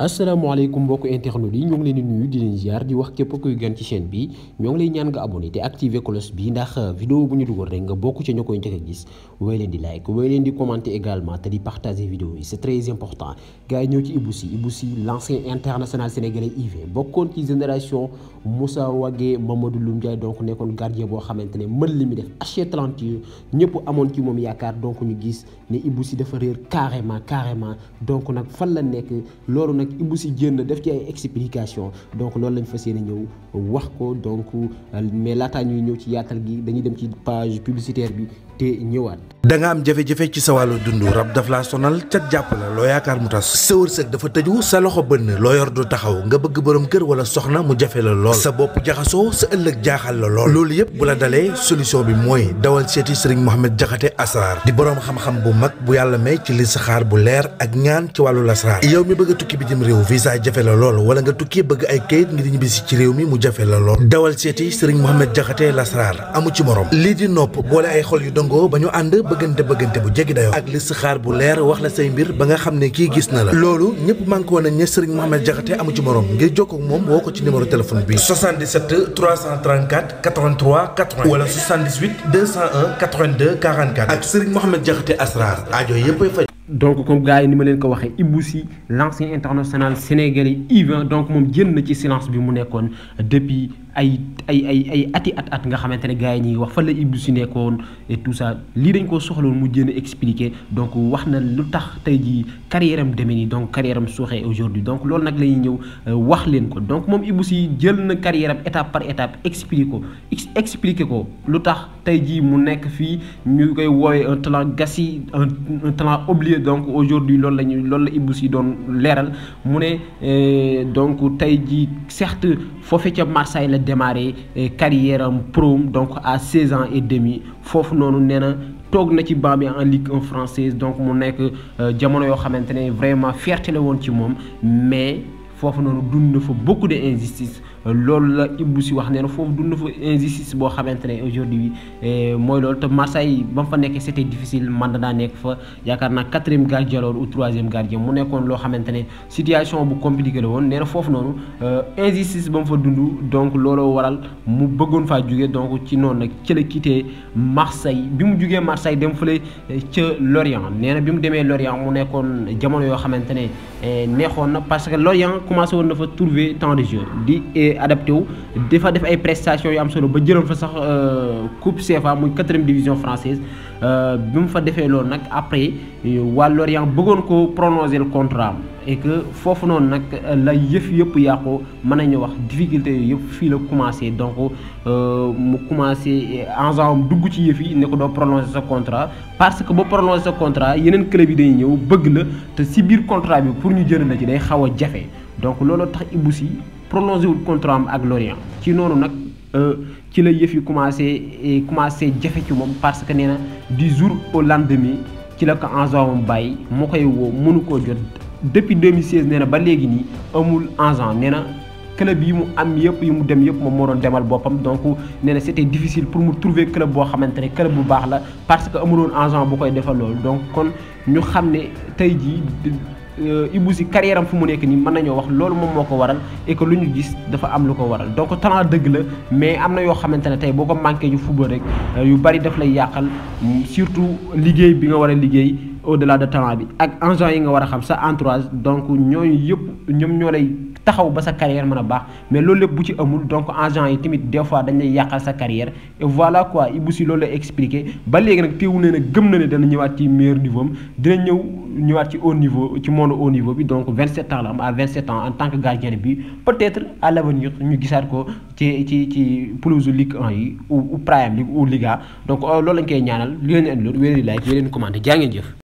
asalaamaaleykum mbokk internet yi ñu ngi leen di nuyu di leen ziar di wax képp kuy gën ci chaîne bi ñu ngi lay ñaan nga abonné te activer cloche bi ndax euh, vidéo bu ñu dugal rek nga bokk ci ñu koy njëkk a gis way leen di like way leen di commenter également te di partager vidéo yi c'est très important gars yi ñëw ci Iboussi, l'ancien international sénégalais IV bokkoon ci génération Moussa Wagué Mamadou Loum Ndiaye donc nekkoon gardien boo xamante ne mën li mu def assez talentueux ñëpp amoon ci moom yaakaar donc ñu gis ne Iboussi dafa réer carrément carrément donc nag fan la nekk loolu nag il def ci ay explication donc loolu lañ fas yéene wax ko donc euh, mais laataa ñuy ñëw ci yaatal gi page publicitaire te ñëwaat. da nga am jafe-jafe ci sa wàllu dund rab daf laa sonal cat jàpp la loo yaakaar mu tas sa wërsëg dafa tëju sa loxo bënn loo yor du taxaw nga bëgg borom kër wala soxna mu jafe la lool sa bopp jaxasoo sa ëllëg jaaxal la lool loolu yëpp bu la dalee solution bi mooy dawal seeti sëriñ Mohamed jaxate asrar di borom xam-xam bu mag bu yàlla may ci listixaar bu leer ak ñaan ci wàllu lasraar yow mi bëgg a tukki bitim réew fii visa jafe la lool wala nga tukki bëgg ay kayit ngir ñibbisi ci réew mi mu jafe la lool dawal seeti sëriñ Mohamed Diakhaté lasraar amu nangoo ba ñu ànd bëggante bëggante bu jéggi dayoo ak xaar bu leer wax la say mbir ba nga xam ne kii gis na la loolu ñëpp manqué woon nañ ne Serigne Mohamed Diakhaté amu ci morom ngir jokkoo ak moom woo ko ci numéro téléphone bi 77 334 83 80 wala 78 201 82 44 ak Serigne Mohamed Diakhaté Asrar aajo yëppay faj. donc ko gars yi ni ma leen ko waxee Ibou Sy l'ancien international sénégalais U20 donc moom jënd na ci silence bi mu nekkoon depuis. ay ay ay ay ati at at nga xamante ne gars yi ñi wax fan la Ibou Sy nekkoon et tout ça lii dañ koo soxloon mu jéem a expliquer donc wax na lu tax tey jii carrière am demee nii donc carrière am sooxee aujourd'hui donc loolu nag la ñuy ñëw euh, wax leen ko donc moom Ibou Sy jël na carrière am étape par étape expliquer ko expliquer ko lu tax tey jii mu nekk fii ñu koy woowee un talent gasi un talent oublié donc aujourd'hui loolu la ñu loolu la Ibou Sy doon leeral mu ne euh, donc tey jii certes foofee ca Marseille la démarrer euh, carrière en pro donc à 16 ans et demi Fof que nous na na ci qui en Ligue 1 française donc mon nek euh, jamono yo xamantene vraiment fierté le won ci mais fof nous dund fa beaucoup de loolu la Ibou si wax nee na foofu dund fa injustice boo xamante ne aujourd'hui eh, mooy loolu te Marseille ba mu fa nekkee c'était difficile man Mandanda nekk fa yaakaar naa quatrième gardien loolu ou troisième gardien mu nekkoon loo xamante ne situation bu compliqué la woon nee na foofu noonu eh, injustice ba mu fa dund donc looloo waral mu bëggoon faa jugee donc ci noonu nag ci la quitté Marseille bi mu jugee Marseille dem fële eh, ca Lorient nee na bi mu demee Lorient mu nekkoon jamono yoo xamante ne neexoon na parce que Lorient commencé woon na fa trouver temps de jeu di adapté adapté wu dafa def ay prestations yu am solo ba jëloon fa sax euh, coupe CFA muy quatrième division française euh, bi mu fa defee loolu nag après euh, waa Lorient bëggoon ko prolonger le contrat et que foofu noonu nag la yëf yëpp yàqoo mën nañu wax difficulté yooyu yëpp fii la commencé donc mu commencé ensemble dugg ci yëf yi ne ko prolonger sa contrat parce que ba prolonger ce contrat yeneen club yi day ñëw bëgg la te si biir contrat bi pour ñu jënd la ci day xaw a donc looloo tax Ibou prolongé wul contrat am Lorient ci nak euh ci la yef yi commencé commencé jafe ci mom parce que nee na du jour au lendemain ci la ko agent am bàyyi moo koy woo mënu koo jot depuis 2016 nee ba léegi ni amul agent nee club yi mu am yëpp yi mu dem yëpp mom moo doon demal bopam donc nee c'était difficile pour mu trouver club bo xamantene club bu bax la parce que amul won agent bu koy defal lol donc kon ñu xamné tay ji Euh, Ibou Sy carrière am fu mu nekk nii mën nañoo wax loolu moom moo ko waral éco lu ñu gis dafa am lu ko waral donc talent dëgg la mais am na yoo xamante ne tey boo ko manqué ñu football rek euh, yu bari daf lay yàqal surtout liggéey bi nga war a liggéey au delà de talent bi ak engins yi nga war a xam sa entourage donc ñooñu yëpp ñoom ñoo lay. taxaw ba sa carrière mën a baax mais loolu lépp bu ci amul donc agent yi tamit des fois dañ lay yàqal sa carrière et voilà quoi Ibou Sy loolu lay expliqué ba léegi nag teewul ne na gëm na ne dana ñëwaat ci meilleur niveau am dina ñëw ñëwaat ci haut niveau ci monde haut niveau bi donc 27 ans la am à 27 ans en tant que gardien bi peut-être à l'avenir ñu gisaat ko ci ci ci pelouse Ligue 1 yi ou Prime League ou Liga donc euh, loolu lañ koy ñaanal li leen di andi loolu like wéer leen commenté jaa ngeen jëf